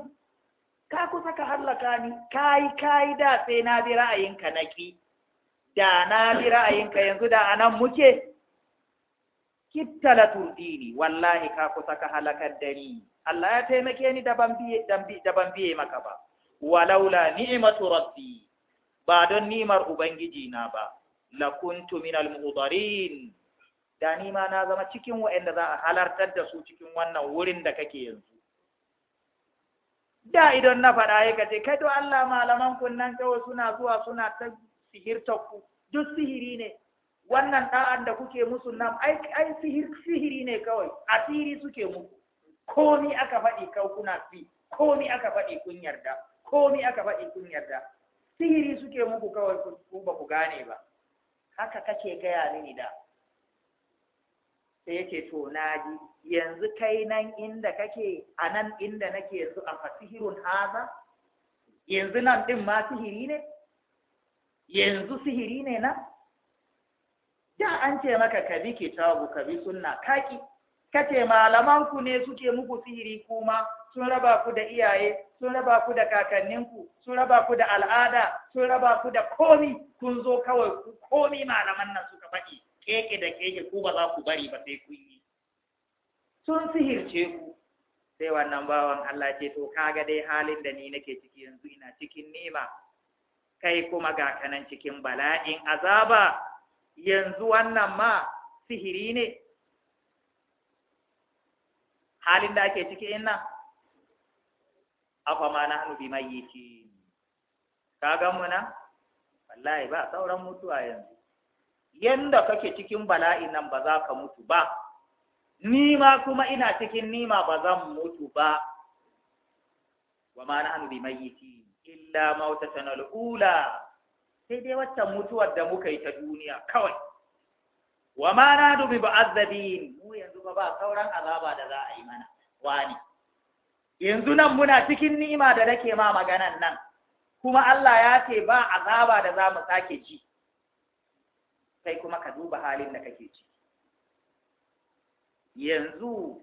ka kusa ka hallaka ni kai kai da sai na bi ra'ayinka naki da na bi ra'ayinka yanzu da anan muke kittala turdini wallahi ka kusa ka halakar da ni Allah ya taimake ni da ban biye maka ba walaula ni'matu rabbi ba don nimar ubangiji na ba lakuntu minal muhdarin da ni ma na zama cikin waɗanda za a halartar da su cikin wannan wurin da kake yanzu da idan na faɗa ya kace kai to Allah malaman kunnan nan kawai suna zuwa suna ta sihirtar ku duk sihiri ne wannan da'an da kuke musu nan ai ai sihir sihiri ne kawai asiri suke muku komi aka faɗi kau kuna fi komi aka faɗi kun yarda komi aka faɗi kun yarda sihiri suke muku kawai ku ba ku gane ba haka kake gaya mini da sai yake to naji yanzu kai nan inda kake a nan inda nake yanzu a fasihirun haza yanzu nan din ma sihiri ne yanzu sihiri ne na? da an ce maka ka bi kitabu ka bi sunna kaki kace malaman ku ne suke muku sihiri kuma sun raba ku da iyaye sun raba ku da kakanninku sun raba ku da al'ada sun raba ku da komi kun zo kawai ku komi malaman nan suka faɗi keke da keke ku ba za ku bari ba sai kun yi sun sihirce ku sai wannan bawan Allah ce to kaga dai halin da ni nake ciki yanzu ina cikin nema kai kuma ga kanan cikin bala'in azaba yanzu wannan ma sihiri ne halin da ake ciki ina afa ma nahnu bimayyitin ka ga muna wallahi ba sauran mutuwa yanzu yanda kake cikin bala'i nan ba za ka mutu ba ni ma kuma ina cikin nima ba zan mutu ba wa ma yi bimayyitin illa mautatan al-ula sai dai waccan mutuwar da muka yi ta duniya kawai wa ma nadu bi ba'adzabin mu yanzu ba ba sauran azaba da za a yi mana wani yanzu nan muna cikin ni'ima da nake ma maganan nan kuma Allah ya ce ba azaba da za mu sake ci kai kuma ka duba halin da kake ci yanzu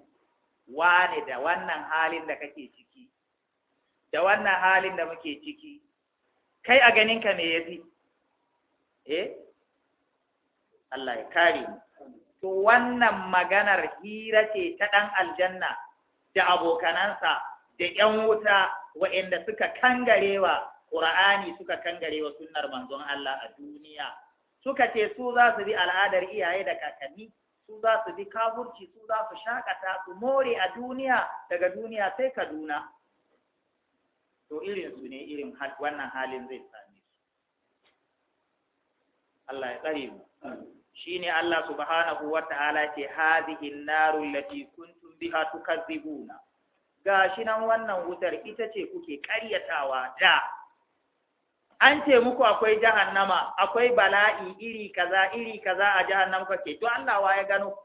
wane da wannan halin da kake ciki da wannan halin da muke ciki kai a ganinka me ya fi? eh Allah ya kare mu to wannan maganar hira ce ta dan aljanna da abokanansa da ‘yan wuta waɗanda suka kangarewa ƙura'ani suka kangarewa sunnar manzon Allah a duniya suka ce su za su bi al'adar iyaye da kakanni su za su bi kafurci su za su shakata su more a duniya daga duniya sai kaduna to irin su ne irin wannan halin zai same su Allah ya tsare mu shine Allah subhanahu wata'ala ke hadhihi an-naru allati biha tukadzibuna gashi nan wannan wutar ita ce kuke ƙaryatawa da an ce muku akwai jahannama akwai bala'i iri kaza iri kaza a jahannam kake to Allah wa ya gano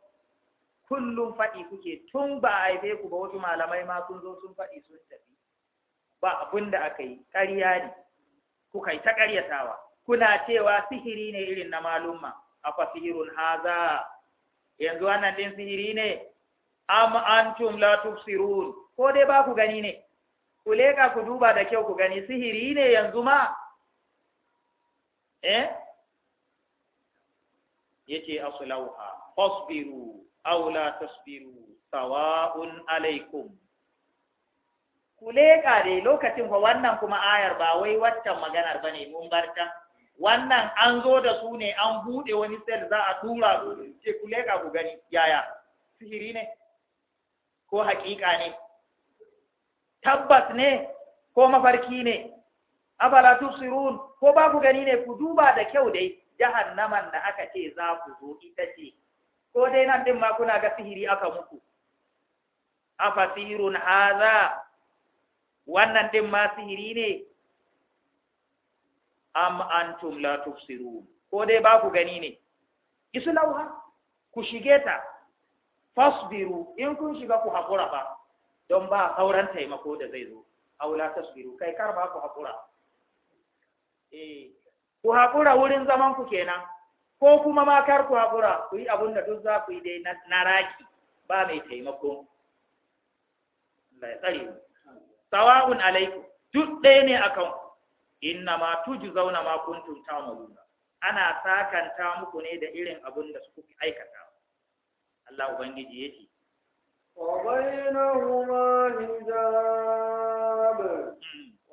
kullum faɗi kuke tun ba a haife ku ba wasu malamai ma sun zo sun faɗi sun tafi ba abin da aka yi ƙarya ne kuka yi ta ƙaryatawa kuna cewa sihiri ne irin na malumma afa sihirun haza yanzu wannan din sihiri ne am antum la tubsirun ko dai ba ku gani ne ku leka ku duba da kyau ku gani sihiri ne yanzu ma eh yace aslauha fasbiru aw la tasbiru sawa'un alaikum ku leka dai lokacin fa wannan kuma ayar ba wai waccan maganar bane mun barta wannan an zo da su ne an bude wani sel za a tura ku ce ku leka ku gani yaya sihiri ne ko haƙiƙa ne tabbas ne ko mafarki ne abalatu sirun ko ba ku gani ne ku duba da kyau dai naman da aka ce za ku zo ita ce ko dai nan din ma kuna ga sihiri aka muku fasirun haza wannan din ma sihiri ne am antum la tufsirun ko dai ba ku gani ne Isu lauha, ku shige ta fasbiru in kun shiga ku haƙura ba don ba sauran taimako da zai zo aula tasbiru kai kar ba ku haƙura eh ku haƙura wurin zaman ku kenan ko kuma ma kar ku haƙura ku yi abin da duk za ku yi dai na raki ba mai taimako Allah ya sawa'un alaikum duk ɗaya ne akan inna ma zauna ma kuntum ta'maluna ana sakanta muku ne da irin abin da suka aikata Allah ubangiji yace wa bainahuma hijab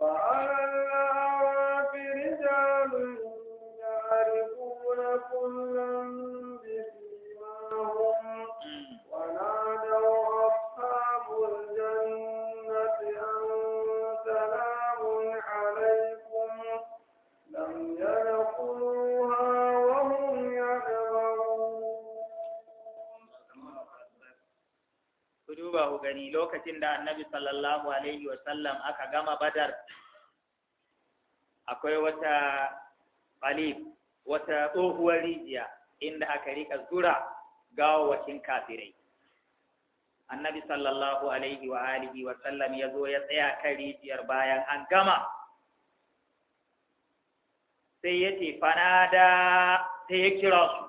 wa ala fi yare yarifuna kullan duba ku lokacin da annabi sallallahu alaihi wasallam aka gama badar akwai wata ƙalib wata tsohuwar rijiya inda aka rika zura gawawacin kafirai annabi sallallahu alaihi wa alihi wa sallam ya zo ya tsaya kan rijiyar bayan an gama sai ya ce fanada sai ya kira su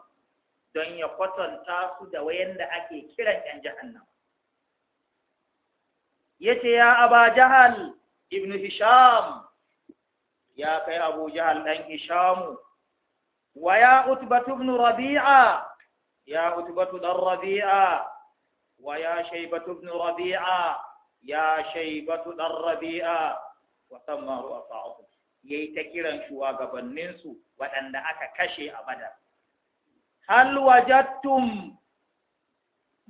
don ya kwatanta su da wayanda ake kiran 'yan jahannan yace ya aba jahal ibn hisham ya kai abu jahal dan hishamu wa ya utbatu ibn rabi'a ya utbatu dan rabi'a wa ya shaybatu ibn rabi'a ya shaybatu dan rabi'a wa samaru asa'ukum yayi ta kiran shugabanninsu waɗanda aka kashe a badar hal wajadtum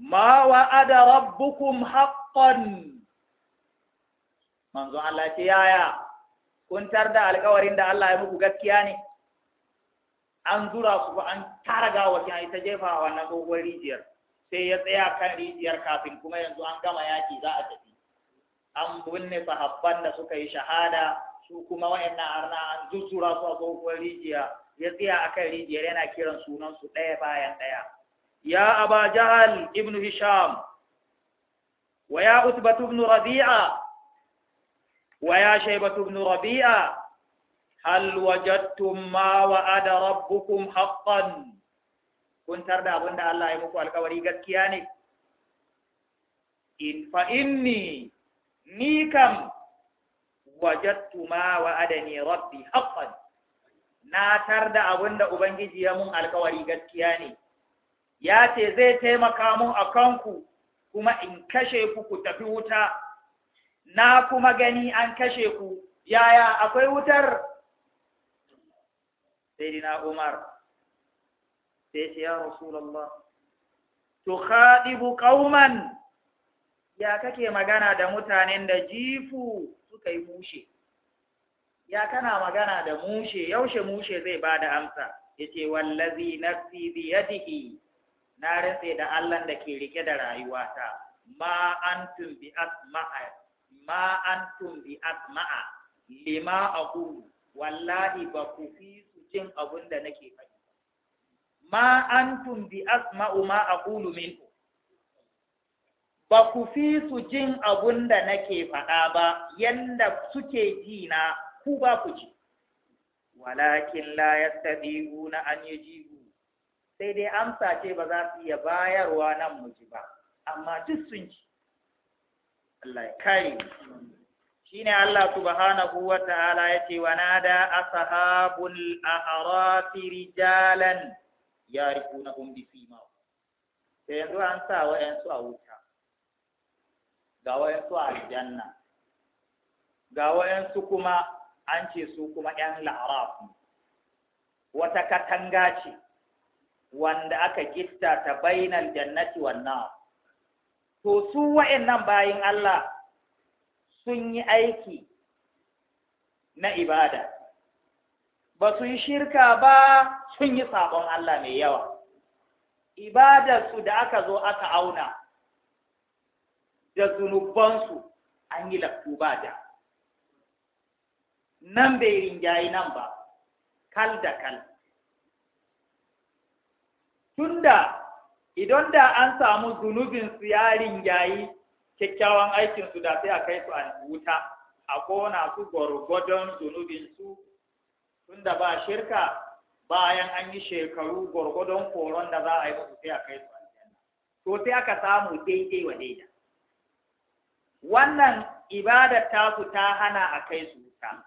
ma wa'ada rabbukum haqqan manzon Allah ce yaya kun da alkawarin da Allah ya muku gaskiya ne an zura su an tara wa kai ta jefa wa wannan tsohuwar rijiyar sai ya tsaya kan rijiyar kafin kuma yanzu an gama yaki za a tafi an binne sahabban da suka yi shahada su kuma wayannan arna an zura su a tsohuwar rijiya ya tsaya akan rijiyar yana kiran sunan su ɗaya bayan ɗaya ya aba jahal ibn hisham wa ya utbatu ibn rabi'a ويا شيبة بن ربيعة هل وجدتم ما وعد ربكم حقا كنت أرد أبن الله يمكو ni, قد إن فإني نيكم وجدت ما وعدني ربي حقا na tar da abin da Ubangiji ya mun alkawari gaskiya ne, ya ce zai taimaka mun a kanku kuma in kashe ku ku tafi wuta na kuma gani an kashe ku yaya akwai wutar sai na umar sai ce ya rasulallah to khadibu qauman ya kake magana da mutanen da jifu suka yi mushe ya kana magana da mushe yaushe mushe zai bada amsa yace wallazi nafsi bi yadihi na ritse da Allah da ke rike da rayuwata ma antum bi asma'a ma antum bi asma'a lima aqulu wallahi ba ku fi su jin abun da nake faɗi ma antum bi asma'u ma aqulu min ba ku fi su jin abun da nake faɗa ba yanda suke ji na ku ba ku ji walakin la yastadiuna an yujibu sai dai amsa ce ba za su iya bayarwa nan mu ji ba amma duk sun ji Allah ya kare shine Allah subhanahu wa ta'ala yace wa nada ashabul ahrafi rijalan yarifunahum bi sima sai yanzu an sa wa su a wuta ga wa su a aljanna ga wa su kuma an ce su kuma yan la'araf wata katanga ce wanda aka gitta ta bainal jannati wan nar to su wa'annan bayin Allah sun yi aiki na ibada ba su yi shirka ba sun yi sabon Allah mai yawa ibadarsu da aka zo aka auna da zunubansu an yi lafu ba da nan bai rinjayi nan ba kal da kal tunda idan da an samu zunubin su yarin yayi kyakkyawan aikin su da sai a kai su a wuta a kona su gwargwadon zunubin su tunda ba shirka bayan an yi shekaru gwargwadon koron da za a yi musu sai a kai su to sai aka samu daidai wa daida wannan ibadar ta hana a kai su wuta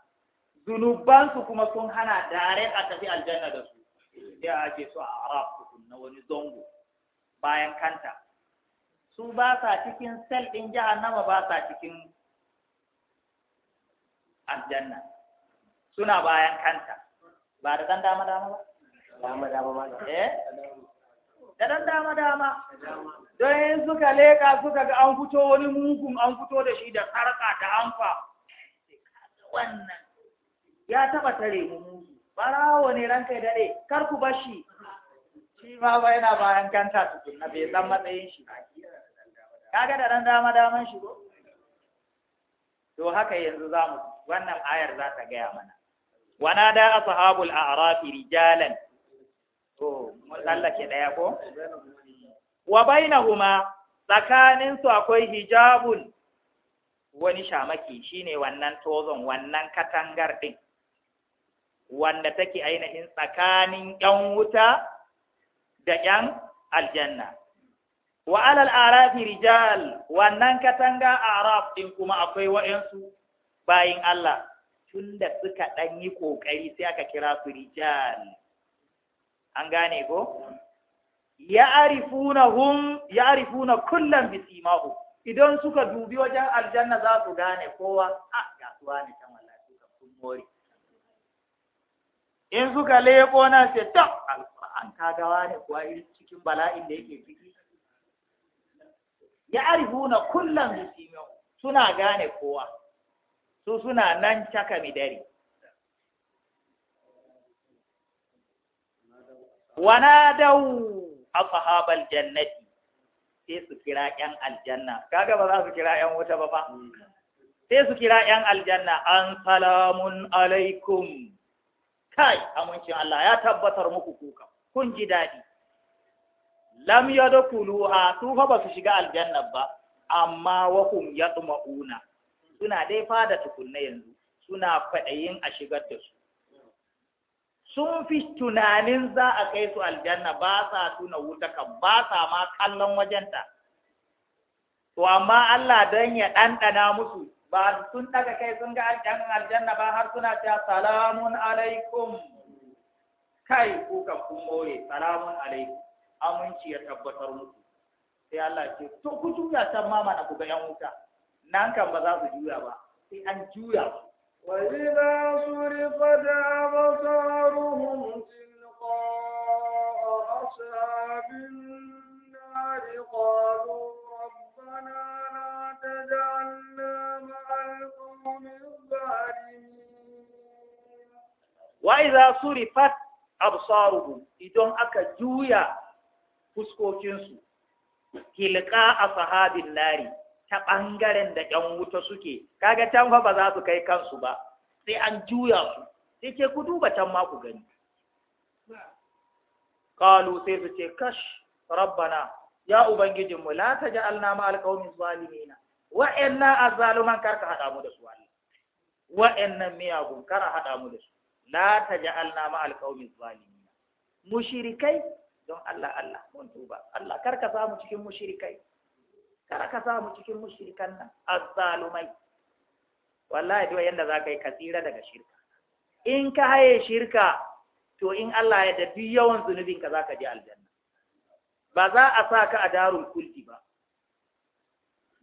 zunubansu kuma sun hana dare a tafi aljanna da su sai a ake su a arab na wani zango bayan kanta su ba sa cikin sel ɗin jahannama ba sa cikin aljanna suna bayan kanta ba da ɗan dama dama ba dama dama ba eh da ɗan dama dama don yin suka leƙa suka ga an fito wani mugun an fito da shi da sarƙa da amfa wannan ya taɓa tare mu mugu ɓarawo ne ranka ya daɗe kar ku bashi shi ma ba yana bayan kanta tukunna bai san matsayin shi kaga da ran dama daman shi ko to haka yanzu za mu wannan ayar za ta gaya mana wana da ashabul a'rafi rijalan to mun lallake daya ko wa bainahuma tsakanin su akwai hijabun wani shamaki shine wannan tozon wannan katangar ɗin. wanda take ainihin tsakanin yan wuta da ‘yan aljanna. Wa alal arafi rijal wannan katanga araf ɗin kuma akwai wa'yansu bayin Allah tun da suka ɗan yi ƙoƙari sai aka kira su rijal. An gane ko? arifuna kullum bisimahu idan suka dubi wajen aljanna za su gane kowa a ah, gasuwa ne can wallahi suka kun In suka leƙo na sai ta an kagawa ne kuwa cikin bala'in da yake ciki ya arifuna kullum suna gane kowa su suna nan caka midari wana dau a jannati sai su kira ƴan aljanna kaga ba za su kira ƴan wuta ba ba sai su kira ƴan aljanna an salamun alaikum kai amincin Allah ya tabbatar muku kuka kun ji daɗi lam ha, su fa ba su shiga aljanna ba amma ya hum Una suna dai fada tukunna yanzu suna faɗayin a shigar da su sun fi tunanin za a kai su aljanna ba sa tuna wuta kan ba sa ma kallon wajenta to amma Allah don ya ɗanɗana musu ba sun ɗaga kai sun ga aljanna ba har suna cewa salamun alaikum kai ko ka kun more salamun aminci ya tabbatar muku sai Allah ce to ku juya san mama ku ga yan wuta nan kan ba za su juya ba sai an juya su wa idza surifat absaruhum tilqa ashabin nar qalu rabbana la tajalna ma'al qawmi dhalimin wa idza surifat absaruhum idan aka juya fuskokinsu a ashabin nari ta ɓangaren da ƴan wuta suke kaga can fa ba za su kai kansu ba sai an juya su sai ku duba can ma ku gani qalu sai su ce kash rabbana ya ubangijinmu la taj'alna ma alqawmi zalimina wa'anna azzaluman karka hada mu da su wa'annan miyagun kar hada mu da su la taj'alna ma alqawmi zalimin Mushirikai? don Allah Allah mun tuba Allah kar ka samu cikin mushirikai. kar ka samu cikin mushirikan nan azzalumai wallahi duk yanda ka yi kasira daga shirka in ka haye shirka to in Allah ya da duk yawan zunubin ka zaka je aljanna ba za a sa ka a darul kulti ba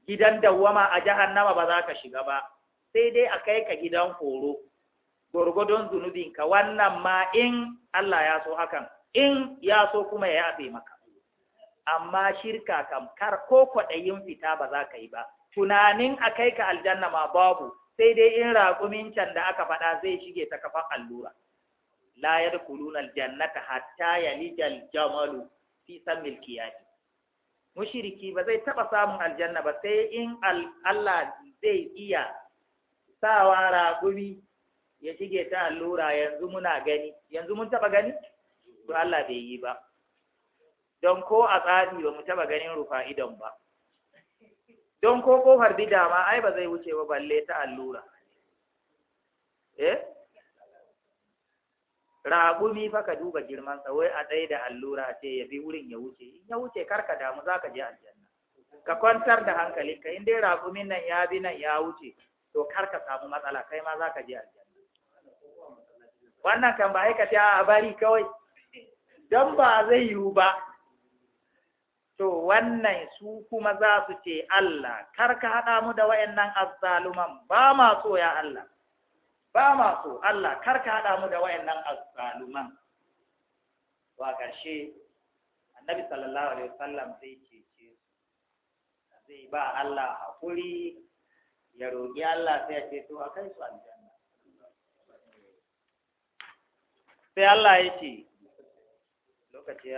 gidan dawwama a jahannama ba za ka shiga ba sai dai a kai ka gidan horo zunubin ka wannan ma in Allah ya so hakan in ya so kuma ya yafe maka amma shirka kam kar ko kwaɗayin fita ba za ka yi ba tunanin a kai ka aljanna ma babu sai dai in raƙumin can da aka faɗa zai shige ta kafan allura la yadkhuluna jannata hatta lijal jamalu fi sammil Milkiyaji. mushriki ba zai taɓa samun aljanna ba sai in Allah zai iya sawa raƙumi ya shige ta allura yanzu muna gani yanzu mun taba gani to Allah bai yi ba don ko a tsadi ba mu taba ganin rufa idan ba don ko kofar bida ma ai ba zai wuce ba balle ta allura eh raƙumi fa ka duba girman sa wai a tsaye da allura ce ya bi wurin ya wuce in ya wuce kar ka damu za ka je aljanna ka kwantar da hankalinka in dai raƙumin nan ya bi nan ya wuce to kar ka samu matsala kai ma za ka je aljanna wannan kan ba aikata a bari kawai don ba zai yiwu ba to wannan su kuma za su ce Allah kar ka haɗa mu da wayannan azzaluman ba ma so ya Allah ba ma so Allah kar ka haɗa mu da wayannan azzaluman wa ƙarshe annabi sallallahu alaihi wasallam zai ce zai ba Allah haƙuri ya roƙi Allah sai ya ce to a kai su aljanna sai Allah itu, ya ce lokaci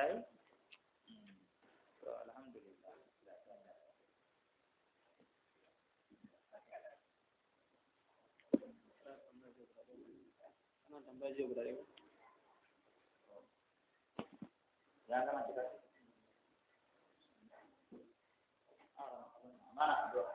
ya